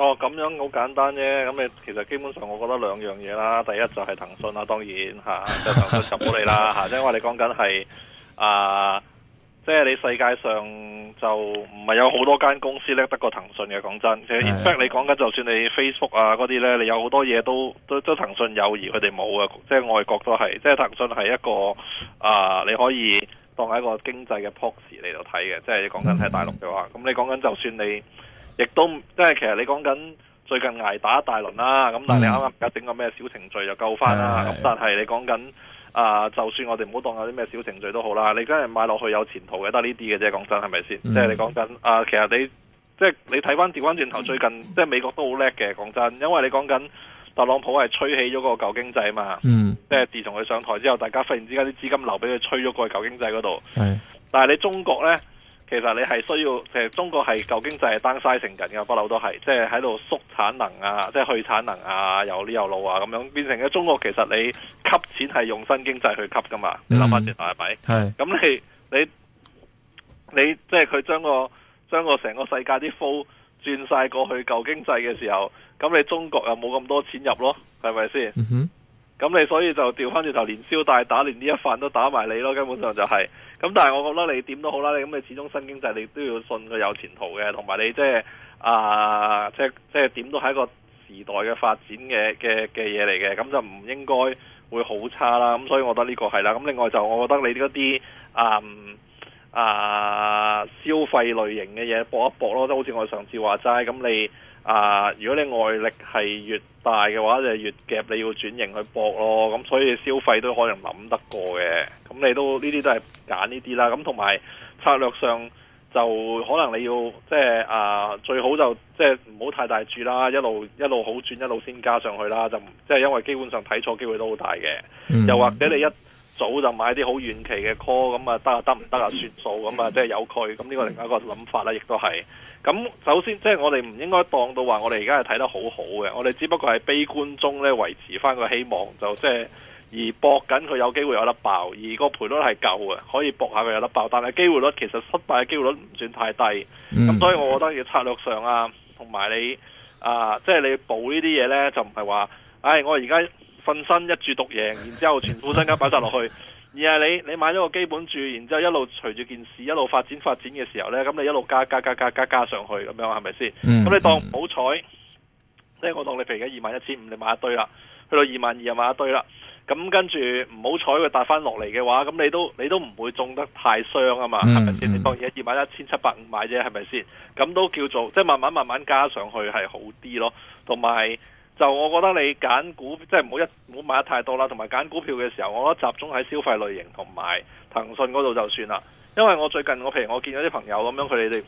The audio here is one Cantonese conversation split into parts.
哦，咁樣好簡單啫。咁你其實基本上，我覺得兩樣嘢啦。第一就係騰訊啦、啊，當然嚇，啊，即係騰訊十倍你啦嚇。即係我哋講緊係啊，即係你世界上就唔係有好多間公司叻得過騰訊嘅。講真，其實 in fact 你講緊就算你 Facebook 啊嗰啲咧，你有好多嘢都都都騰訊有，而佢哋冇啊。即係外國都係。即係騰訊係一個啊，你可以當係一個經濟嘅 proxy 嚟到睇嘅。即係你講緊喺大陸嘅話，咁、mm hmm. 你講緊就算你。亦都即係其實你講緊最近挨打一大輪啦，咁、嗯、但係你啱啱而家整個咩小程序就救翻啦，咁的但係你講緊啊，就算我哋唔好當有啲咩小程序都好啦，你真係買落去有前途嘅，得呢啲嘅啫，講真係咪先？即係你講緊啊，其實你即係、就是、你睇翻調翻轉頭，最近即係、就是、美國都好叻嘅，講真，因為你講緊特朗普係吹起咗個舊經濟嘛，即係、嗯、自從佢上台之後，大家忽然之間啲資金流俾佢吹咗過去舊經濟嗰度，的但係你中國咧。其實你係需要，其實中國係舊經濟係 down 晒成緊嘅，不嬲都係即係喺度縮產能啊，即係去產能啊，有呢有路啊，咁樣變成咗中國。其實你吸錢係用新經濟去吸噶嘛，你諗翻轉頭係咪？係咁、mm hmm. 你你你，你即係佢將個將個成個世界啲 flow 轉晒過去舊經濟嘅時候，咁你中國又冇咁多錢入咯，係咪先？Mm hmm. 咁你所以就掉翻轉頭，連燒帶打，連呢一飯都打埋你咯。根本上就係、是、咁，但係我覺得你點都好啦，你咁你始終新經濟，你都要信個有前途嘅，同埋你即、就、係、是、啊，即係即係點都係一個時代嘅發展嘅嘅嘅嘢嚟嘅，咁就唔應該會好差啦。咁所以我覺得呢個係啦。咁另外就我覺得你嗰啲啊啊消費類型嘅嘢搏一搏咯，即係好似我上次話齋咁你。啊、呃、如果你外力係越大嘅話，就越夾你要轉型去搏咯。咁所以消費都可能諗得過嘅。咁你都呢啲都係揀呢啲啦。咁同埋策略上就可能你要即係啊，最好就即係唔好、即係、太大注啦。一路一路好轉，一路先加上去啦。就即係、即係、因為基本上睇錯機會都好大嘅。嗯、又或者你一早就買啲好遠期嘅 call，咁啊得啊得唔得啊，算數咁啊，即係有佢。咁呢個另外一個諗法啦、啊，亦都係。咁首先即係、就是、我哋唔應該當到話，我哋而家係睇得好好嘅，我哋只不過係悲觀中咧維持翻個希望，就即、就、係、是、而搏緊佢有機會有得爆，而個賠率係夠嘅，可以搏下佢有得爆。但係機會率其實失敗嘅機會率唔算太低，咁所以我覺得要策略上啊，同埋你啊，即、就、係、是、你補呢啲嘢咧，就唔係話，唉、哎，我而家。本身一注獨贏，然之後全部身家擺晒落去，嗯嗯、而係你你買咗個基本注，然之後一路隨住件事一路發展發展嘅時候呢，咁你一路加加加加加加上去咁樣，係咪先？咁、嗯嗯、你當唔好彩，即係、嗯、我當你譬如二萬一千五，你買一堆啦，去到二萬二就買一堆啦，咁跟住唔好彩佢跌翻落嚟嘅話，咁你都你都唔會中得太傷啊嘛，係咪先？嗯嗯、你當然而家二萬一千七百五買啫，係咪先？咁都叫做即係慢慢慢慢加上去係好啲咯，同埋。就我覺得你揀股即係唔好一唔好買得太多啦，同埋揀股票嘅時候，我覺得集中喺消費類型同埋騰訊嗰度就算啦。因為我最近我譬如我見咗啲朋友咁樣，佢哋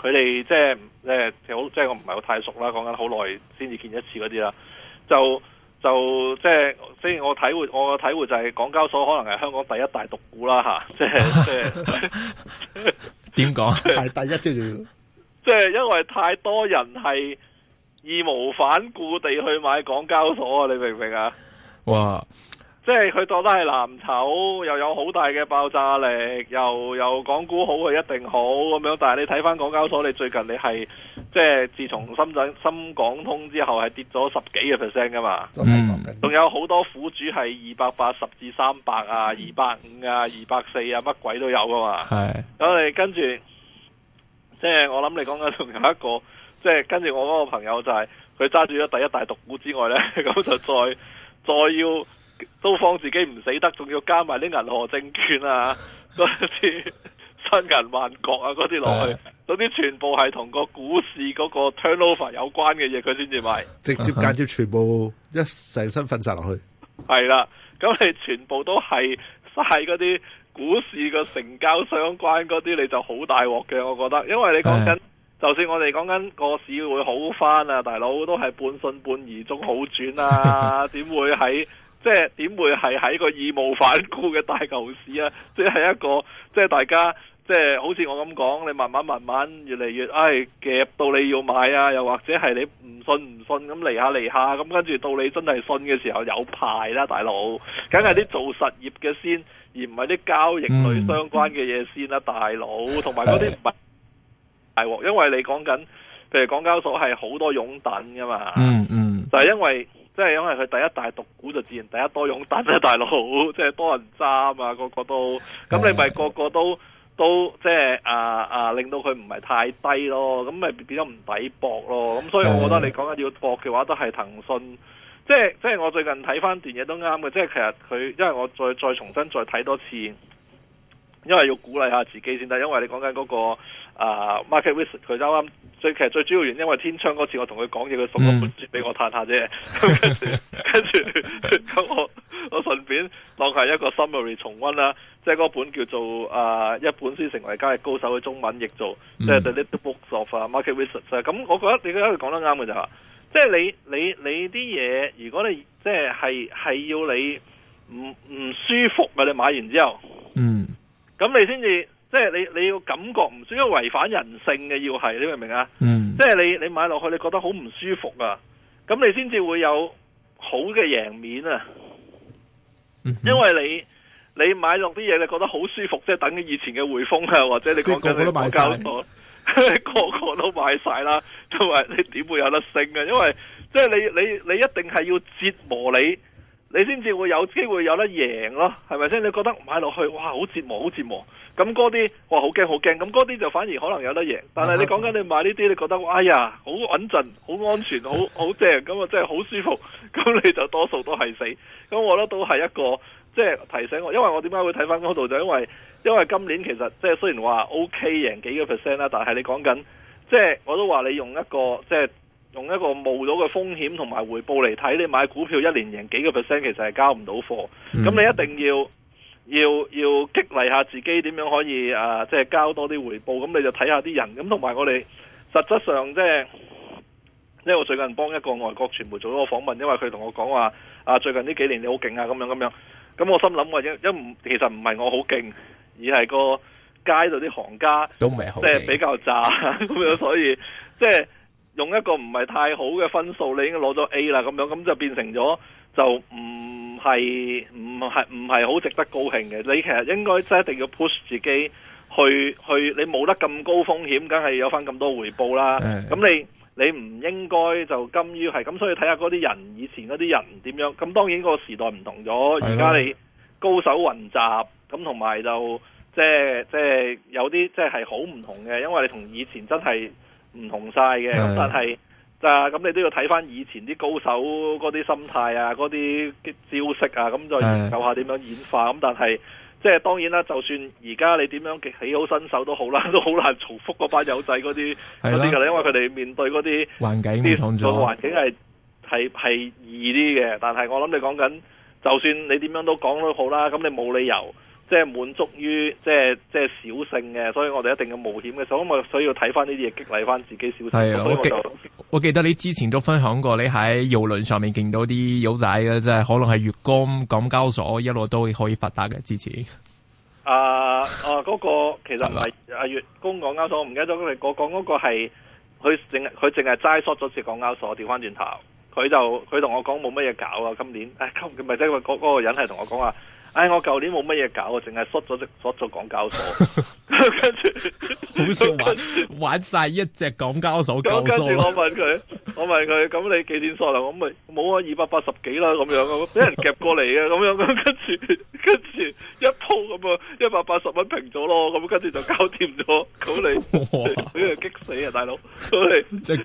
佢哋即係咧好即係我唔係好太熟啦，講緊好耐先至見一次嗰啲啦。就就即係，所以我體會我嘅體會就係，港交所可能係香港第一大毒股啦吓，即係即係點講係第一即係因為太多人係。義無反顧地去買港交所啊！你明唔明啊？哇！即係佢當得係藍籌，又有好大嘅爆炸力，又又港股好佢一定好咁樣。但係你睇翻港交所，你最近你係即係自從深圳深港通之後，係跌咗十幾個 percent 噶嘛？嗯，仲有好多苦主係二百八十至三百啊，二百五啊，二百四啊，乜鬼都有噶嘛？係，你跟住，即係我諗你講嘅仲有一個。即係跟住我嗰個朋友就係佢揸住咗第一大獨股之外呢，咁就再再要都放自己唔死得，仲要加埋啲銀河證券啊，嗰啲申銀萬國啊，嗰啲落去，嗰啲全部係同個股市嗰個 turnover 有關嘅嘢，佢先至買，直接間接全部一成身瞓晒落去。係啦，咁你全部都係晒嗰啲股市個成交相關嗰啲，你就好大鑊嘅，我覺得，因為你講緊。就算我哋講緊個市會好翻啊，大佬都係半信半疑中好轉啊，點 會喺即係點會係喺個義無反顧嘅大牛市啊？即、就、係、是、一個即係、就是、大家即係、就是、好似我咁講，你慢慢慢慢越嚟越，唉、哎、夾到你要買啊，又或者係你唔信唔信咁嚟下嚟下，咁跟住到你真係信嘅時候有排啦，大佬，梗係啲做實業嘅先，而唔係啲交易類相關嘅嘢先啦、啊，嗯、大佬，同埋嗰啲唔大鑊，因為你講緊，譬如港交所係好多擁躉噶嘛，嗯嗯，嗯就係因為，即係因為佢第一大獨股就自然第一多擁躉，即係大佬，即係多人揸啊，個個都，咁你咪個個都、嗯、都即係啊啊，令到佢唔係太低咯，咁咪變咗唔抵搏咯，咁所以我覺得你講緊要搏嘅話，都係騰訊，即係即係我最近睇翻段嘢都啱嘅，即係其實佢，因為我再再重新再睇多次，因為要鼓勵下自己先得，但因為你講緊嗰個。啊、uh,，Market Wizards 佢啱啱最其實最主要原因，因為天窗嗰次我同佢講嘢，佢送咗本書俾我嘆下啫。跟住、嗯，跟住咁我我順便當係一個 summary 重溫啦，即係嗰本叫做啊、呃、一本書成為交易高手嘅中文譯作，嗯、即係 The Little Book of Market Wizards 啊。咁我覺得你今日講得啱嘅啫，即係你你你啲嘢，如果你即係係係要你唔唔舒服，你買完之後，嗯，咁你先至。即係你你要感覺唔舒服，違反人性嘅，要係你明唔明啊？嗯、即係你你買落去你覺得好唔舒服啊？咁你先至會有好嘅贏面啊！嗯、哼因為你你買落啲嘢，你覺得好舒服，即係等於以前嘅匯豐啊，或者你講個個都買晒， 個個都買晒啦，同埋你點會有得升啊？因為即係你你你一定係要折磨你，你先至會有機會有得贏咯，係咪先？你覺得買落去哇好折磨，好折磨。咁嗰啲，哇好驚好驚，咁嗰啲就反而可能有得贏。但係你講緊你買呢啲，你覺得哎呀，好穩陣，好安全，好好正，咁啊即係好舒服。咁你就多數都係死。咁我覺得都係一個即係、就是、提醒我，因為我點解會睇翻嗰度，就因為因為今年其實即係雖然話 OK 贏幾個 percent 啦，但係你講緊即係我都話你用一個即係用一個冒咗嘅風險同埋回報嚟睇，你買股票一年贏幾個 percent 其實係交唔到貨。咁、嗯、你一定要。要要激勵下自己點樣可以啊，即係交多啲回報，咁你就睇下啲人咁。同埋我哋實質上即係，因為我最近幫一個外國傳媒做咗個訪問，因為佢同我講話啊，最近呢幾年你好勁啊，咁樣咁樣，咁我心諗話因因唔其實唔係我好勁，而係個街度啲行家，即係比較渣咁樣，所以即係用一個唔係太好嘅分數，你已經攞咗 A 啦，咁樣咁就變成咗就唔。係唔係唔係好值得高興嘅？你其實應該即係一定要 push 自己去去，你冇得咁高風險，梗係有翻咁多回報啦。咁的你你唔應該就甘於係咁，所以睇下嗰啲人以前嗰啲人點樣。咁當然個時代唔同咗，而家的你高手雲集，咁、即係即係即係、同埋就即係即係有啲即係好唔同嘅，因為你同以前真係唔同晒嘅。咁的但係。咁、啊、你都要睇翻以前啲高手嗰啲心態啊，嗰啲啲招式啊，咁再研究下點樣演化。咁是的 但係，即係當然啦，就算而家你點樣起好新手都好啦，都好難重複嗰班友仔嗰啲嗰啲噶，的就因為佢哋面對嗰啲環境、呢個、環境係係係易啲嘅。但係我諗你講緊，就算你點樣都講都好啦，咁你冇理由。即係滿足於即係即係小勝嘅，所以我哋一定要冒險嘅，所以咁我的所以要睇翻呢啲嘢，激勵翻自己少少。係，我記，我記得你之前都分享過你喺郵輪上面見到啲友仔嘅，即、就、係、是、可能係月供港交所一路都可以發達嘅。支持誒誒，嗰、啊啊那個其實唔係阿月供港交所，唔記得咗、那個。我講嗰個係佢淨佢淨係齋縮咗次港交所，調翻轉頭，佢就佢同我講冇乜嘢搞啊。今年誒，今年咪即係嗰個人係同我講話。哎，我舊年冇乜嘢搞，淨係縮咗隻縮咗港交所，跟住好識玩玩晒一隻港交所，所，跟住我問佢， 我問佢，咁你幾點縮啦？咁咪冇啊，二百八十幾啦，咁樣，俾人夾過嚟嘅，咁樣，咁跟住跟住一鋪咁啊，一百八十蚊平咗咯，咁跟住就搞掂咗，咁你俾人激死啊，大佬，咁你即係，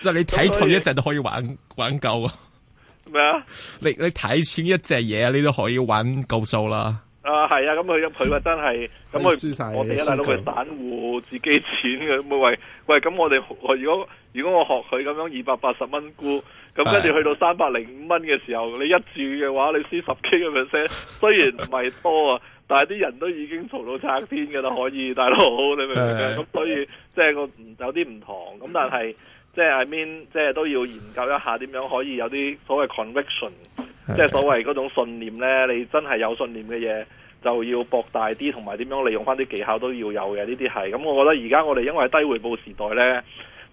係你睇佢，一陣都可以玩玩夠啊！咩啊？你你睇穿一隻嘢，你都可以揾夠數啦。啊，係啊，咁佢佢話真係，咁佢輸晒。他輸我哋一大佬佢散戶自己錢嘅了，喂喂，咁我哋如果如果我學佢咁樣二百八十蚊沽，咁跟住去到三百零五蚊嘅時候，你一注嘅話你輸十 K 咁樣聲，雖然唔係多啊， 但係啲人都已經嘈到拆天㗎啦，可以，大佬，你明唔明？咁的所以即係個有啲唔同，咁但係。即係 I mean，即係都要研究一下點樣可以有啲所謂 conviction，的即係所謂嗰種信念呢。你真係有信念嘅嘢，就要博大啲，同埋點樣利用翻啲技巧都要有嘅。呢啲係，咁、嗯、我覺得而家我哋因為低回報時代呢，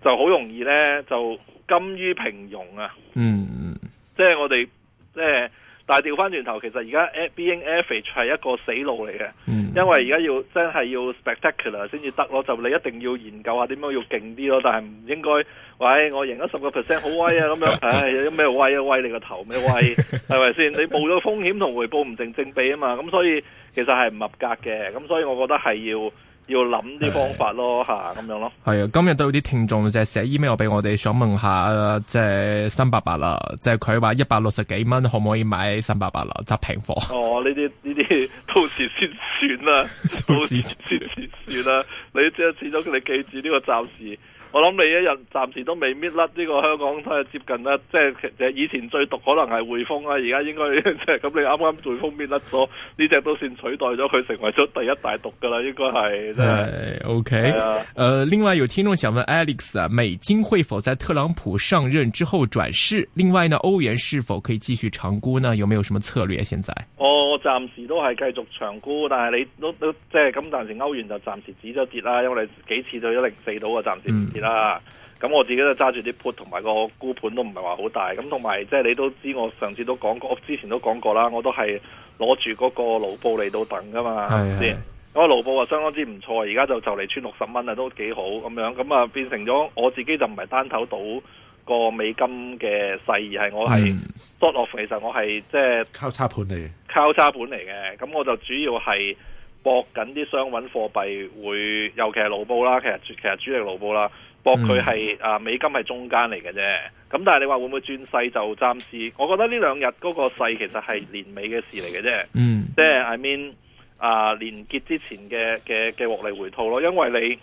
就好容易呢就甘於平庸啊。嗯，即係我哋即係。但係調翻轉頭，其實而家 being average 係一個死路嚟嘅，嗯、因為而家要真係要 spectacular 先至得咯。就你一定要研究下點樣要勁啲咯，但係唔應該，喂、哎，我贏咗十個 percent 好威啊咁樣，唉、哎，有咩威啊威你個頭咩威，係咪先？你冒咗風險同回報唔成正，正比啊嘛，咁所以其實係唔合格嘅，咁所以我覺得係要。要諗啲方法咯，吓咁的樣咯。係啊，今日都有啲聽眾就係、是、寫 email 俾我哋，想問下即係三百八啦，即係佢話一百六十幾蚊可唔可以買三百八啦？執、就是、平貨。哦，呢啲呢啲到時先算啦，到時先至算啦。 你即係始終佢哋記住呢個暫時。我諗你一日暫時都未搣甩呢個，香港都係接近啦，即係其實以前最毒可能係匯豐啊，而家應該即係咁，你啱啱匯豐搣甩咗，呢隻都算取代咗佢成為咗第一大毒噶啦，應該係。係 OK。呃，另外有聽眾想問 Alex 啊，美金會否在特朗普上任之後轉勢？另外呢，歐元是否可以繼續長沽呢？有沒有什麼策略現在？哦暫時都係繼續長沽，但係你都都即係咁，暫、即係、時歐元就暫時止咗跌啦，因為你幾次就一零四到啊，暫時唔跌啦。咁、嗯、我自己都揸住啲 put 同埋個沽盤都唔係話好大，咁同埋即係你都知，我上次都講過，我之前都講過啦，我都係攞住嗰個盧布嚟到等㗎嘛，先的。的個盧布啊，相當之唔錯，而家就就嚟穿六十蚊啊，都幾好咁樣。咁啊，變成咗我自己就唔係單頭賭。個美金嘅勢而係，我係 sort of 其實我係即係交叉盤嚟嘅，交叉盤嚟嘅。咁我就主要係博緊啲商品貨幣，會尤其係盧布啦。其實其實主力盧布啦，博佢係啊，美金係中間嚟嘅啫。咁但係你話會唔會轉勢？就暫時，我覺得呢兩日嗰個勢其實係年尾嘅事嚟嘅啫。嗯，即係 I mean 啊，年結之前嘅嘅嘅獲利回吐咯，因為你。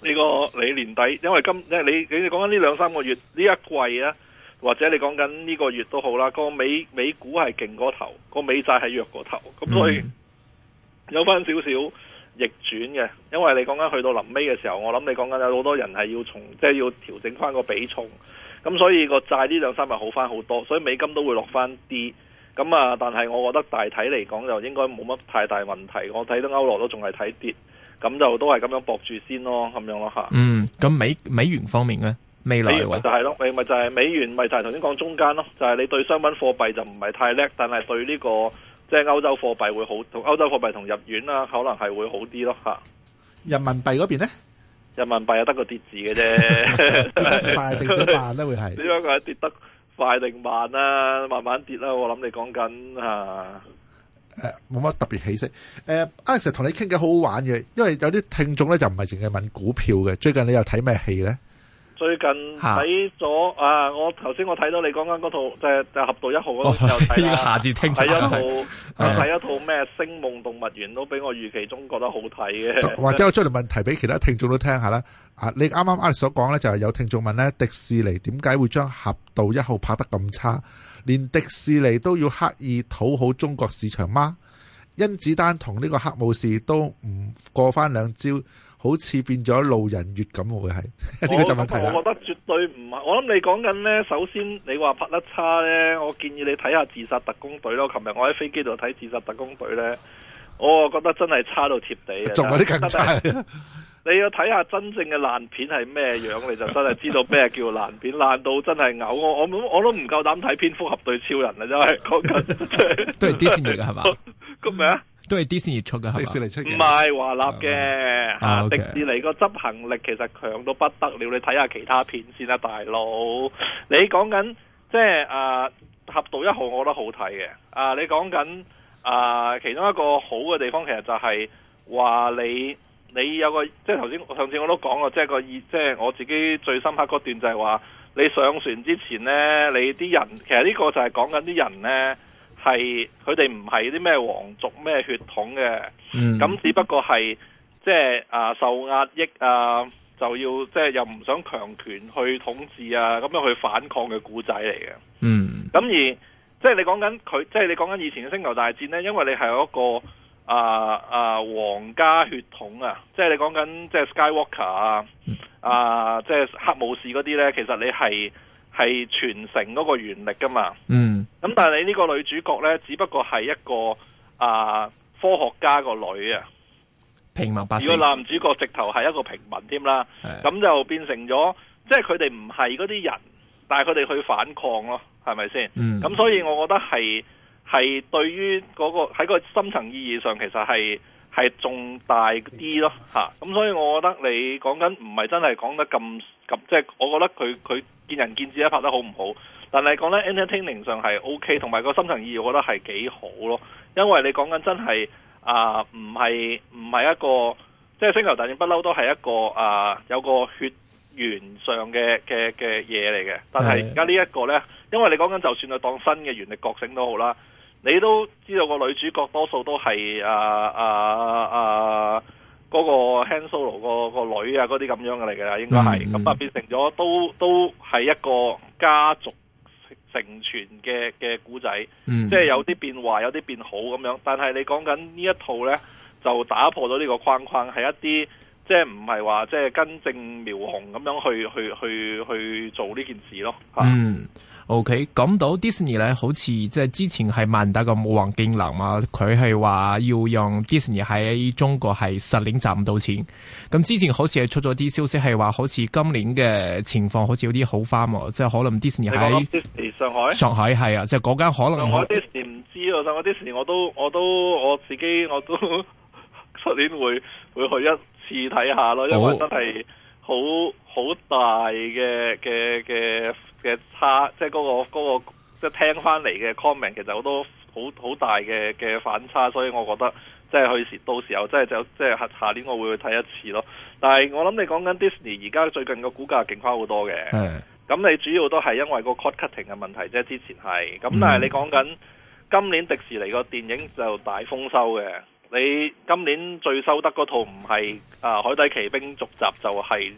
呢、這個你年底，因為今即係你你講緊呢兩三個月呢一季呢，或者你講緊呢個月都好啦。個美美股係勁過頭，個美債係弱過頭，咁、嗯、所以有翻少少逆轉嘅。因為你講緊去到臨尾嘅時候，我諗你講緊有好多人係要從即係、就是、要調整翻個比重，咁所以個債呢兩三日好翻好多，所以美金都會落翻啲。咁啊，但係我覺得大體嚟講就應該冇乜太大問題。我睇到歐羅都仲係睇跌。咁就都係咁樣搏住先咯，咁樣咯吓。嗯，咁美美元方面咧，未來就係咯，咪就係美元，咪就係頭先講中間咯，就係、是就是、你對商品貨幣就唔係太叻，但係對呢、這個即係歐洲貨幣會好，同歐洲貨幣同日元啦、啊，可能係會好啲咯吓。人民幣嗰邊咧，人民幣又得個跌字嘅啫，快定跌慢咧會係？點跌得快定慢、啊、慢啊？慢慢跌啦、啊，我諗你講緊誒，冇乜特別起色。誒、啊，Alex 同你傾偈好好玩嘅，因為有啲聽眾咧就唔係淨係問股票嘅。最近你又睇咩戲咧？最近睇咗啊，啊！我頭先我睇到你講緊嗰套就是、俠盜一號》嗰度又睇呢下次聽睇了、啊、一套睇一套咩《的星夢動物園》都比我預期中覺得好睇嘅。或者我出嚟問，問題俾其他聽眾都聽下啦。啊，你啱啱 Alex 所講咧就係有聽眾問咧，迪士尼點解會將《俠盜一號》拍得咁差？連迪士尼都要刻意討好中國市場嗎？甄子丹同呢個黑武士都唔過翻兩招，好似變咗路人乙咁，會係呢個就問題。我覺得絕對唔係，我諗你講緊呢，首先你話拍得差呢，我建議你睇下《自殺特工隊》咯。琴日我喺飛機度睇《自殺特工隊》呢，我覺得真係差到貼地，仲有啲更差。是 你要睇下真正嘅爛片係咩樣，你就真係知道咩叫爛片，爛 到真係嘔我，我我都唔夠膽睇蝙蝠俠對超人啦，因為 都係迪士尼嘅係嘛，咁樣 吧都係迪士尼出嘅，迪士尼出嘅唔係華納嘅。吧迪士尼個執行力其實強到不得了，你睇下其他片先啦，大佬。你講緊即係誒俠盜一號，我覺得好睇嘅。啊、呃，你講緊、呃、其中一個好嘅地方，其實就係、是、話你。你有個即係頭先，上次我都講過，即係個意，即係我自己最深刻嗰段就係話，你上船之前呢，你啲人其實呢個就係講緊啲人呢，係佢哋唔係啲咩皇族咩血統嘅，咁、嗯、只不過係即係啊受壓抑啊，就要即係又唔想強權去統治啊，咁樣去反抗嘅古仔嚟嘅。嗯，咁而即係你講緊佢，即係你講緊以前嘅星球大戰呢，因為你係有一個。啊啊，皇家血統啊，即係你講緊即係 Skywalker 啊，嗯、啊，即係、嗯、黑武士嗰啲呢，其實你係係傳承嗰個原力噶嘛。嗯。咁但係你呢個女主角呢，只不過係一個啊科學家個女啊，平民百姓。如果男主角直頭係一個平民添啦。係。咁就變成咗，即係佢哋唔係嗰啲人，但係佢哋去反抗咯，係咪先？嗯。咁所以我覺得係。係對於嗰、那個喺個深層意義上，其實係係重大啲咯，吓、啊、咁，所以我覺得你講緊唔係真係講得咁咁，即、就、係、是、我覺得佢佢見仁見智咧，拍得好唔好？但係講咧，entertaining 上係 OK，同埋個深層意義我覺得係幾好咯，因為你講緊真係啊，唔係唔係一個即係星球大戰不嬲都係一個啊有個血緣上嘅嘅嘅嘢嚟嘅，但係而家呢一個呢，因為你講緊就算佢當新嘅原力覺醒都好啦。你都知道個女主角多數都係啊啊啊嗰、嗰個 Han Solo、嗰個女啊嗰啲咁樣嘅嚟㗎啦，應該係咁啊變成咗都都係一個家族成，成，成全嘅嘅故仔，嗯、即係有啲變壞，有啲變好咁樣。但係你講緊呢一套呢，就打破咗呢個框框，係一啲即係唔係話即係根正苗紅咁樣去去去去做呢件事咯。嗯。O K，講到 Disney 咧，好似即係之前係萬達個王健林啊，佢係話要用 Disney 喺中國係十年賺唔到錢。咁之前好似係出咗啲消息係話，好似今年嘅情況好似有啲好返喎，即係可能 Disney 喺上海，說說上海係啊，即係嗰間可能我迪士尼唔知啊，上海迪士尼我都我都我自己我都出 年會會去一次睇下咯，因為真係。Oh. 好好大嘅嘅嘅嘅差，即係嗰個嗰個即係聽翻嚟嘅 comment，其實好多好好大嘅嘅反差，所以我覺得即係去時到時候即係就即係下年我會去睇一次咯。但係我諗你講緊 Disney 而家最近個股價勁翻好多嘅，咁的你主要都係因為個 cutting 嘅問題啫。之前係咁，但係你講緊、嗯、今年迪士尼個電影就大豐收嘅。你今年最收得嗰套唔係啊《海底奇兵》續集就係、是、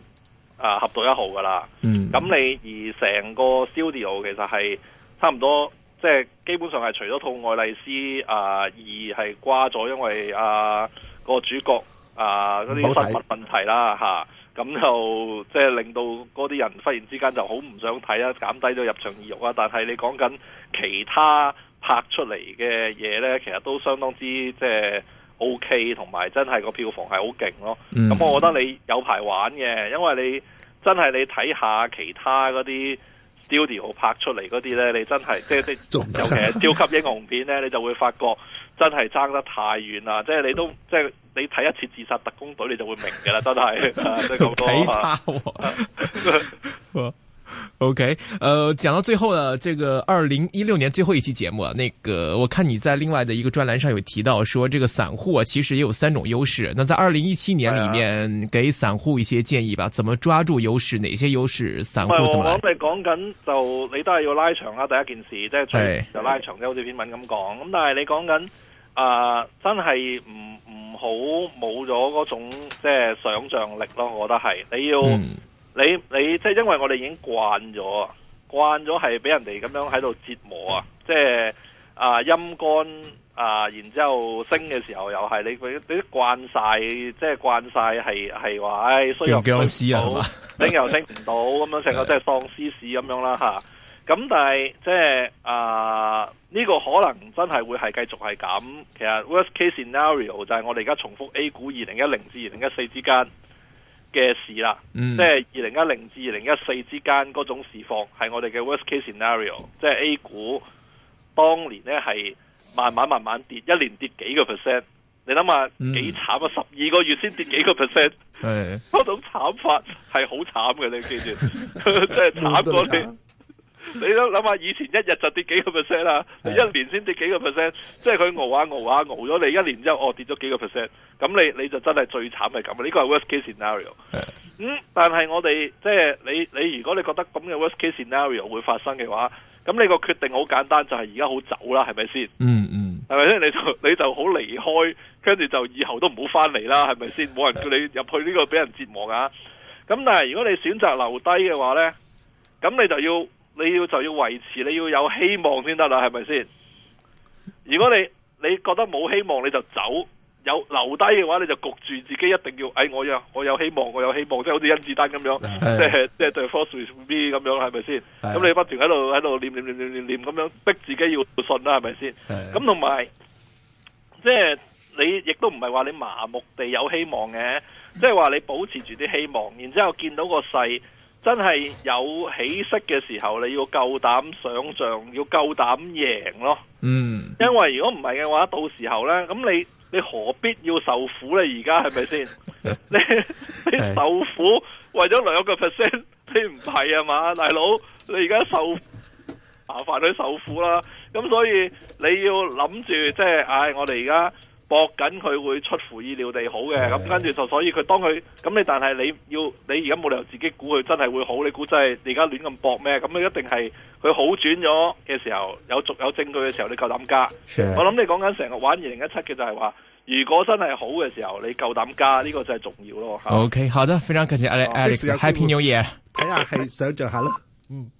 啊《俠盜一號》噶啦，嗯，咁你而成個 studio 其實係差唔多，即、就、係、是、基本上係除咗套《愛麗絲》啊而係掛咗，因為啊、那個主角啊嗰啲身份問題啦吓，咁、啊、就即係、就是、令到嗰啲人忽然之間就好唔想睇啦，減低咗入場意欲啊。但係你講緊其他拍出嚟嘅嘢咧，其實都相當之即係。就是 OK，同埋真係個票房係好勁咯。咁、嗯、我覺得你有排玩嘅，因為你真係你睇下其他嗰啲 studio 拍出嚟嗰啲呢，你真係即係尤其係超級英雄片呢，你就會發覺真係爭得太遠啦。即係你都即係你睇一次自殺特工隊，你就會明嘅啦，真係。睇包。 O、okay, K，呃講到最後呢，這個二零一六年最後一期節目啊，那個我看你在另外的一個專欄上有提到說，說這個散戶其實也有三種優勢。那在二零一七年裏面，給散戶一些建議吧，怎麼抓住優勢，哪些優勢，散戶怎麼嚟？我講，你講緊就你都係要拉長啦，第一件事即係就拉長，即好似篇文咁講。咁但係你講緊啊，真係唔，唔好冇咗嗰種即係想象力咯，我覺得係你要。你你即係因為我哋已經慣咗，慣咗係俾人哋咁樣喺度折磨啊！即係啊陰乾啊，然之後升嘅時候又係你佢你慣晒，即係慣晒係係話唉衰又衰唔到升又升唔到咁樣成個對 即係喪屍市咁樣啦吓。咁但係即係啊呢個可能真係會係繼續係咁。其實 worst case scenario 就係我哋而家重複 A 股二零一零至二零一四之間。嘅事啦，嗯、即係二零一零至二零一四之間嗰種事況，係我哋嘅 worst case scenario。即係 A 股當年呢係慢慢慢慢跌，一年跌幾個 percent。你諗下幾慘啊！十二個月先跌幾個 percent，嗰、嗯、 種慘法係好慘嘅，你記住， 真係慘過你。會你都諗下，以前一日就跌幾個 percent 啦，你一年先跌幾個 percent，的即係佢熬下熬下熬咗你一年之後，哦跌咗幾個 percent，咁你你就真係最慘係咁。呢個係 worst case scenario。的嗯。咁但係我哋即係你你如果你覺得咁嘅 worst case scenario 會發生嘅話，咁你個決定好簡單，就係而家好走啦，係咪先？嗯嗯。係咪先？你就你就好離開，跟住就以後都唔好翻嚟啦，係咪先？冇的人叫你入去呢個俾人折磨噶，啊。咁但係如果你選擇留低嘅話咧，咁你就要。你要就要維持，你要有希望先得啦，係咪先？如果你你覺得冇希望，你就走；有留低嘅話，你就焗住自己一定要。哎，我有我有希望，我有希望，即係好似甄子丹咁樣，即係即係對 force with 咁樣，係咪先？咁你不斷喺度喺度念念念念念念咁樣，逼自己要信啦，係咪先？咁同埋，即係你亦都唔係話你麻木地有希望嘅，即係話你保持住啲希望，然之後見到個世。真係有起色嘅時候，你要夠膽想象，要夠膽贏咯。嗯，因為如果唔係嘅話，到時候呢，咁你你何必要受苦呢？而家係咪先？ 你你受苦為咗兩個 percent，你唔係啊嘛，大佬，你而家受，麻煩你受苦啦。咁所以你要諗住，即係，唉、哎，我哋而家。搏緊佢會出乎意料地好嘅，咁跟住就所以佢當佢咁你，但係你要你而家冇理由自己估佢真係會好，你估真係你而家亂咁搏咩？咁你一定係佢好轉咗嘅時候，有足有證據嘅時候，你夠膽加。我諗你講緊成日玩二零一七嘅就係話，如果真係好嘅時候，你夠膽加呢個就係重要咯。OK，好的，非常感謝 Alex，睇下係想像下咯， 嗯。